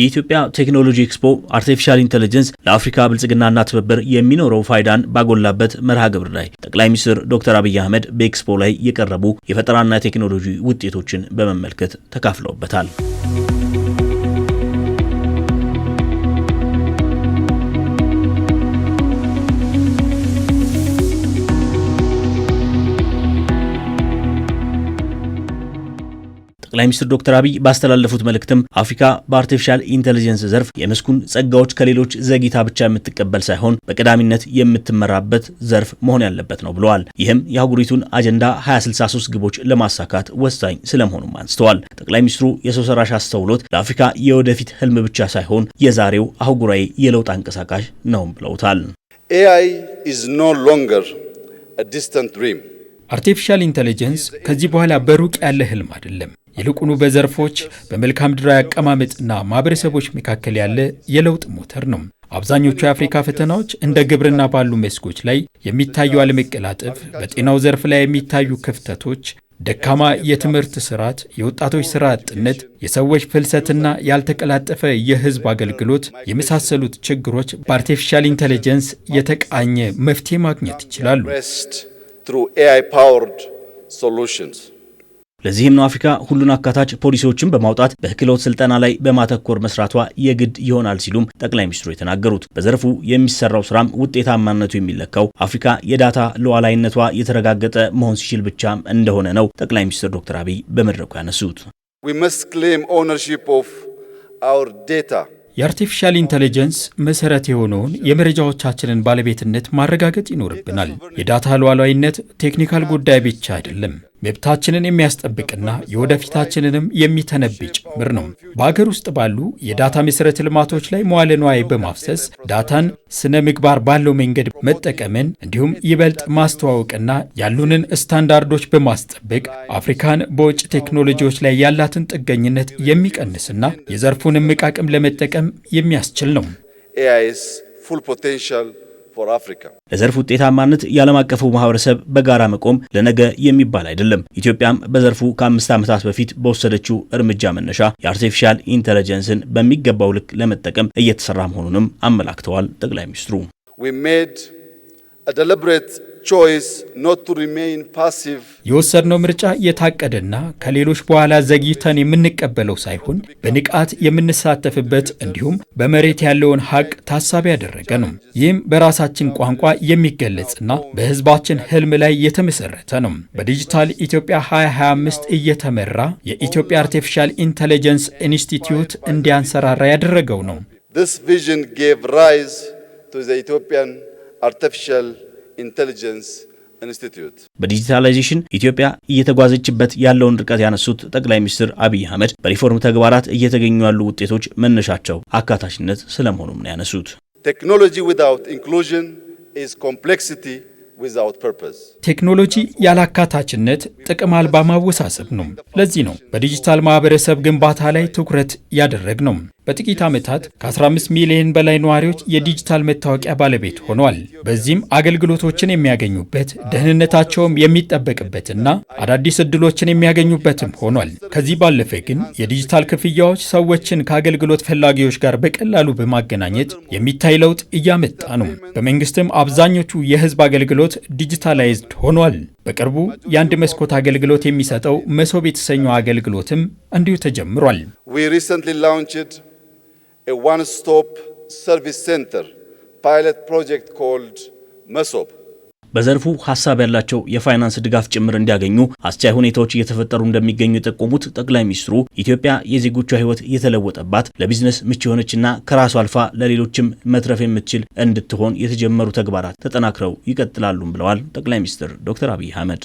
የኢትዮጵያ ቴክኖሎጂ ኤክስፖ አርቲፊሻል ኢንቴሊጀንስ ለአፍሪካ ብልጽግናና ትብብር የሚኖረው ፋይዳን ባጎላበት መርሃ ግብር ላይ ጠቅላይ ሚኒስትር ዶክተር አብይ አህመድ በኤክስፖ ላይ የቀረቡ የፈጠራና ቴክኖሎጂ ውጤቶችን በመመልከት ተካፍለውበታል። ጠቅላይ ሚኒስትር ዶክተር አብይ ባስተላለፉት መልእክትም አፍሪካ በአርቲፊሻል ኢንቴሊጀንስ ዘርፍ የመስኩን ጸጋዎች ከሌሎች ዘግይታ ብቻ የምትቀበል ሳይሆን በቀዳሚነት የምትመራበት ዘርፍ መሆን ያለበት ነው ብለዋል። ይህም የአህጉሪቱን አጀንዳ 2063 ግቦች ለማሳካት ወሳኝ ስለመሆኑም አንስተዋል። ጠቅላይ ሚኒስትሩ የሰው ሰራሽ አስተውሎት ለአፍሪካ የወደፊት ህልም ብቻ ሳይሆን የዛሬው አህጉራዊ የለውጥ አንቀሳቃሽ ነውም ብለውታል። ኤአይ ኢዝ ኖ ሎንገር ዲስታንት ድሪም አርቲፊሻል ኢንቴሊጀንስ ከዚህ በኋላ በሩቅ ያለ ህልም አይደለም። ይልቁኑ በዘርፎች በመልክዓ ምድራዊ አቀማመጥና ማህበረሰቦች መካከል ያለ የለውጥ ሞተር ነው። አብዛኞቹ የአፍሪካ ፈተናዎች እንደ ግብርና ባሉ መስኮች ላይ የሚታዩ አለመቀላጠፍ፣ በጤናው ዘርፍ ላይ የሚታዩ ክፍተቶች ደካማ የትምህርት ስርዓት፣ የወጣቶች ስራ አጥነት፣ የሰዎች ፍልሰትና ያልተቀላጠፈ የህዝብ አገልግሎት የመሳሰሉት ችግሮች በአርቲፊሻል ኢንቴሊጀንስ የተቃኘ መፍትሄ ማግኘት ይችላሉ። ለዚህም ነው አፍሪካ ሁሉን አካታች ፖሊሲዎችን በማውጣት በክህሎት ስልጠና ላይ በማተኮር መስራቷ የግድ ይሆናል ሲሉም ጠቅላይ ሚኒስትሩ የተናገሩት። በዘርፉ የሚሰራው ስራም ውጤታማነቱ የሚለካው አፍሪካ የዳታ ሉዓላዊነቷ የተረጋገጠ መሆን ሲችል ብቻም እንደሆነ ነው ጠቅላይ ሚኒስትር ዶክተር አብይ በመድረኩ ያነሱት። የአርቲፊሻል ኢንቴሊጀንስ መሰረት የሆነውን የመረጃዎቻችንን ባለቤትነት ማረጋገጥ ይኖርብናል። የዳታ ሉዓላዊነት ቴክኒካል ጉዳይ ብቻ አይደለም። መብታችንን የሚያስጠብቅና የወደፊታችንንም የሚተነብይ ጭምር ነው። በአገር ውስጥ ባሉ የዳታ መሠረተ ልማቶች ላይ መዋለ ንዋይ በማፍሰስ ዳታን ስነ ምግባር ባለው መንገድ መጠቀምን እንዲሁም ይበልጥ ማስተዋወቅና ያሉንን ስታንዳርዶች በማስጠበቅ አፍሪካን በውጭ ቴክኖሎጂዎች ላይ ያላትን ጥገኝነት የሚቀንስና የዘርፉን እምቅ አቅም ለመጠቀም የሚያስችል ነው። ለዘርፍ ውጤታማነት የዓለም አቀፉ ማህበረሰብ በጋራ መቆም ለነገ የሚባል አይደለም። ኢትዮጵያም በዘርፉ ከአምስት ዓመታት በፊት በወሰደችው እርምጃ መነሻ የአርቲፊሻል ኢንተለጀንስን በሚገባው ልክ ለመጠቀም እየተሰራ መሆኑንም አመላክተዋል ጠቅላይ ሚኒስትሩ። የወሰድነው ምርጫ የታቀደና ከሌሎች በኋላ ዘግይተን የምንቀበለው ሳይሆን በንቃት የምንሳተፍበት እንዲሁም በመሬት ያለውን ሀቅ ታሳቢ ያደረገ ነው። ይህም በራሳችን ቋንቋ የሚገለጽና በሕዝባችን ህልም ላይ የተመሰረተ ነው። በዲጂታል ኢትዮጵያ 2025 እየተመራ የኢትዮጵያ አርቲፊሻል ኢንቴሊጀንስ ኢንስቲትዩት እንዲያንሰራራ ያደረገው ነው። ኢንቴሊጀንስ ኢንስቲትዩት በዲጂታላይዜሽን ኢትዮጵያ እየተጓዘችበት ያለውን ርቀት ያነሱት ጠቅላይ ሚኒስትር አብይ አህመድ በሪፎርም ተግባራት እየተገኙ ያሉ ውጤቶች መነሻቸው አካታችነት ስለመሆኑም ነው ያነሱት። ቴክኖሎጂ ዊዛውት ኢንክሉዥን ኢዝ ኮምፕሌክሲቲ ቴክኖሎጂ ያላካታችነት ጥቅም አልባ ማወሳሰብ ነው። ለዚህ ነው በዲጂታል ማህበረሰብ ግንባታ ላይ ትኩረት ያደረግ ነው። በጥቂት ዓመታት ከ15 ሚሊዮን በላይ ነዋሪዎች የዲጂታል መታወቂያ ባለቤት ሆኗል። በዚህም አገልግሎቶችን የሚያገኙበት ደህንነታቸውም የሚጠበቅበትና አዳዲስ ዕድሎችን የሚያገኙበትም ሆኗል። ከዚህ ባለፈ ግን የዲጂታል ክፍያዎች ሰዎችን ከአገልግሎት ፈላጊዎች ጋር በቀላሉ በማገናኘት የሚታይ ለውጥ እያመጣ ነው። በመንግስትም አብዛኞቹ የህዝብ አገልግሎት ዲጂታላይዝድ ሆኗል። በቅርቡ የአንድ መስኮት አገልግሎት የሚሰጠው መሶብ የተሰኘው አገልግሎትም እንዲሁ ተጀምሯል። a one-stop service center pilot project called መሶብ በዘርፉ ሀሳብ ያላቸው የፋይናንስ ድጋፍ ጭምር እንዲያገኙ አስቻይ ሁኔታዎች እየተፈጠሩ እንደሚገኙ የጠቆሙት ጠቅላይ ሚኒስትሩ ኢትዮጵያ የዜጎቿ ሕይወት የተለወጠባት ለቢዝነስ ምቹ የሆነችና ከራሱ አልፋ ለሌሎችም መትረፍ የምትችል እንድትሆን የተጀመሩ ተግባራት ተጠናክረው ይቀጥላሉም ብለዋል ጠቅላይ ሚኒስትር ዶክተር አብይ አህመድ።